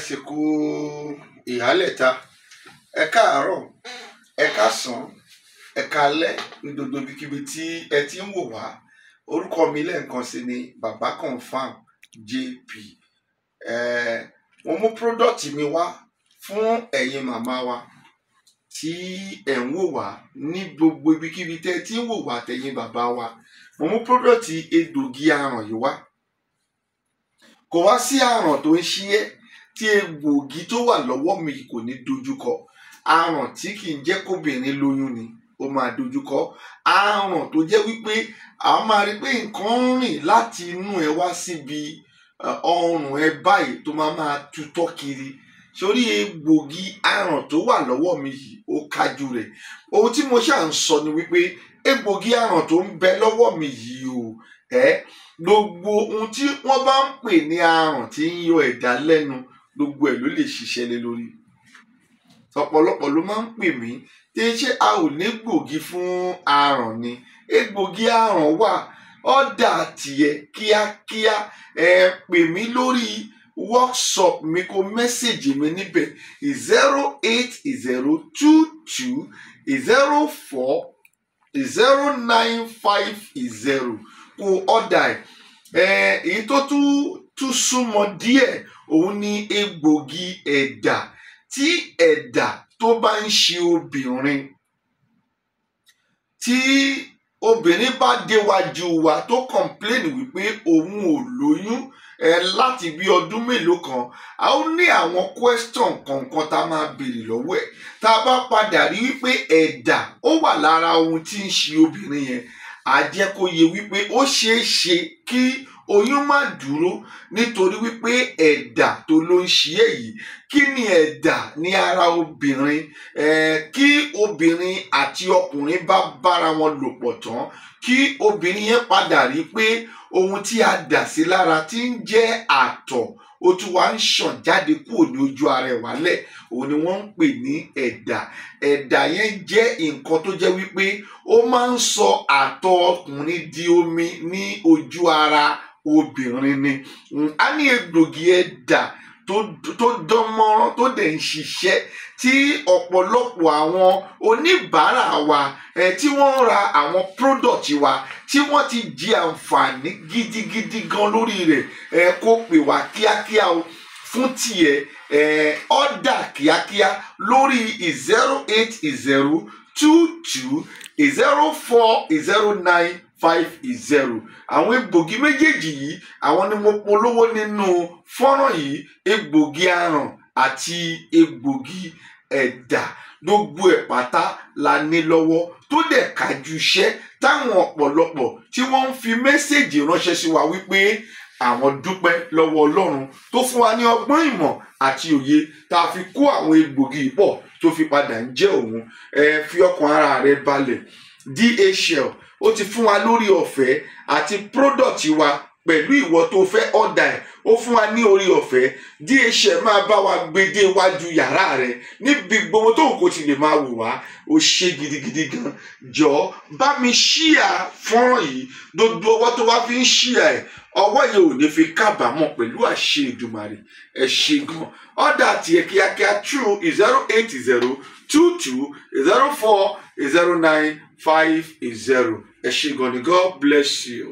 àsìkò ìhálẹ̀ta ẹ káàárọ̀ ẹ káàsán ẹ káalẹ́ ní gbogbo ibikíbi tí ẹ ti ń wò wá orúkọ mi lẹ́ẹ̀kan sí ni bàbá confam jp ẹ mo mú product mi wá fún ẹ̀yin màmá wa tí ẹ̀ ń wò wá ní gbogbo ibikíbi tẹ́ ẹ ti ń wò wá tẹ̀yin bàbá wa mo mú product egbògi aràn yìí wá kò wá sí àrùn tó ń ṣí ẹ́ tí egbògi tó wà lọ́wọ́ mi kò ní dojúkọ aràn tí kì í jẹ́ kóbìnrin lóyún ni ó máa dojúkọ aràn tó jẹ́ wípé a máa rí pé nǹkan ń rìn láti inú ẹ wá síbi ọrùn ẹ báyìí tó máa máa tutọ́ kiri sórí egbògi aràn tó wà lọ́wọ́ mi yìí ó kájú rẹ̀ ohun tí mo ṣáà ń sọ ni wípé egbògi aràn tó ń bẹ lọ́wọ́ mi yìí o ẹ gbogbo ohun tí wọ́n bá ń pè ní aràn tí ń yọ ẹ̀dá lẹ́nu gbogbo ẹ̀ ló lè ṣiṣẹ́ lé lórí ọ̀pọ̀lọpọ̀ ló máa ń pè mí tí ṣé a ò ní gbòógì fún aràn ni egbògi aràn wà ọ̀dà tìyẹ kíákíá ẹ pè mí lórí workshop mi kó mẹ́sẹ̀gì mi níbẹ̀ zero eight zero two two zero four zero nine five zero kó ọ̀dà ẹ̀ èyí tó tún tún súnmọ́ díẹ̀ òun ni egbògi ẹ̀dà tí ẹ̀dà tó bá ń ṣe obìnrin tí obìnrin bá déwájú wa tó complain wípé òun ò lóyún ẹ láti bí ọdún mélòó kan a ó ní àwọn question kọ̀ọ̀kan tá a máa béèrè lọ́wọ́ ẹ̀ tá a bá padà rí wípé ẹ̀dà ó wà lára ohun tí ń ṣe obìnrin yẹn a wípé ó ṣeé ṣe kí oyún má dúró nítorí wípé ẹ̀dà tó ló ń ṣe èyí kí ni ẹ̀dà ní ara obìnrin kí obìnrin àti ọkùnrin bá bára wọn lò pọ̀ tán kí obìnrin yẹn padà rí pé ohun tí a dà sí lára tí ń jẹ́ àtọ̀ ó tún wá ń ṣàn jáde kúrò ní ojú ara ẹ̀ wálẹ̀ òun ni wọ́n ń pè ní ẹ̀dà ẹ̀dà yẹn jẹ́ nǹkan tó jẹ́ wípé ó máa ń sọ àtọ̀ ọkùnrin di omi ní ojú ara obìnrin ni a ní egbògi ẹ̀dà tó dán mọ́rán tó dẹ̀ ń ṣiṣẹ́ tí ọ̀pọ̀lọpọ̀ àwọn oníbàárà wa tí wọ́n ń ra àwọn product wa tí wọ́n ti jẹ àǹfààní gidigidi gan lórí rẹ̀ kó pè wá kíákíá o fún tiẹ̀ ọ̀dà kíákíá lórí zero eight zero two two zero four zero nine five is zero àwọn egbògi méjèèjì yìí àwọn ni mo polówó nínú fọ́nrán yìí egbògi aràn àti egbògi ẹ̀dà gbogbo ẹ̀ pátá la ní lọ́wọ́ tó dẹ̀ kájú iṣẹ́ táwọn ọ̀pọ̀lọpọ̀ tí wọ́n ń fi mẹ́sẹ̀gì ránṣẹ́ sí wa wípé àwọn dúpẹ́ lọ́wọ́ ọlọ́run tó fún wa ní ọgbọ́n ìmọ̀ àti òye tá a fi kó àwọn egbògi pọ̀ tó fi padà ń jẹ́ òun ẹ fi ọkàn ara rẹ balẹ̀ DHL ó ti fún wa lórí ọ̀fẹ́ àti product wa pẹ̀lú ìwọ tó fẹ́ ọ̀dà ẹ̀ ó fún wa ní orí ọ̀fẹ́ DHL máa bá wa gbede iwájú yàrá rẹ níbi gbogbo tó kò ti lè máa wò wá ó ṣe gidigidi gan jọ bá mi ṣíà fọ́nrán yìí gbogbo ọwọ́ tó wá fi ń ṣíà ẹ̀ ọwọ́ yẹn ò ní fi kábàámọ̀ pẹ̀lú àṣẹ ìdùmarè ẹ̀ ṣe gan ọ̀dà tiẹ̀ kíákíá true zero eight zero two two zero four zero nine five is zero ẹ ṣé gan ni god bless you.